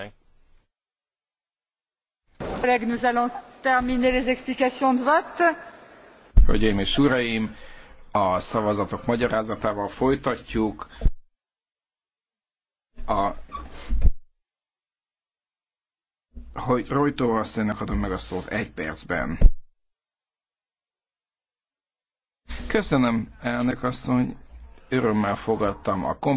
listánk. Hölgyeim és uraim, a szavazatok magyarázatával folytatjuk. A hogy Rojtó asszonynak adom meg a szót egy percben. Köszönöm, elnök asszony, örömmel fogadtam a kompromisszumot.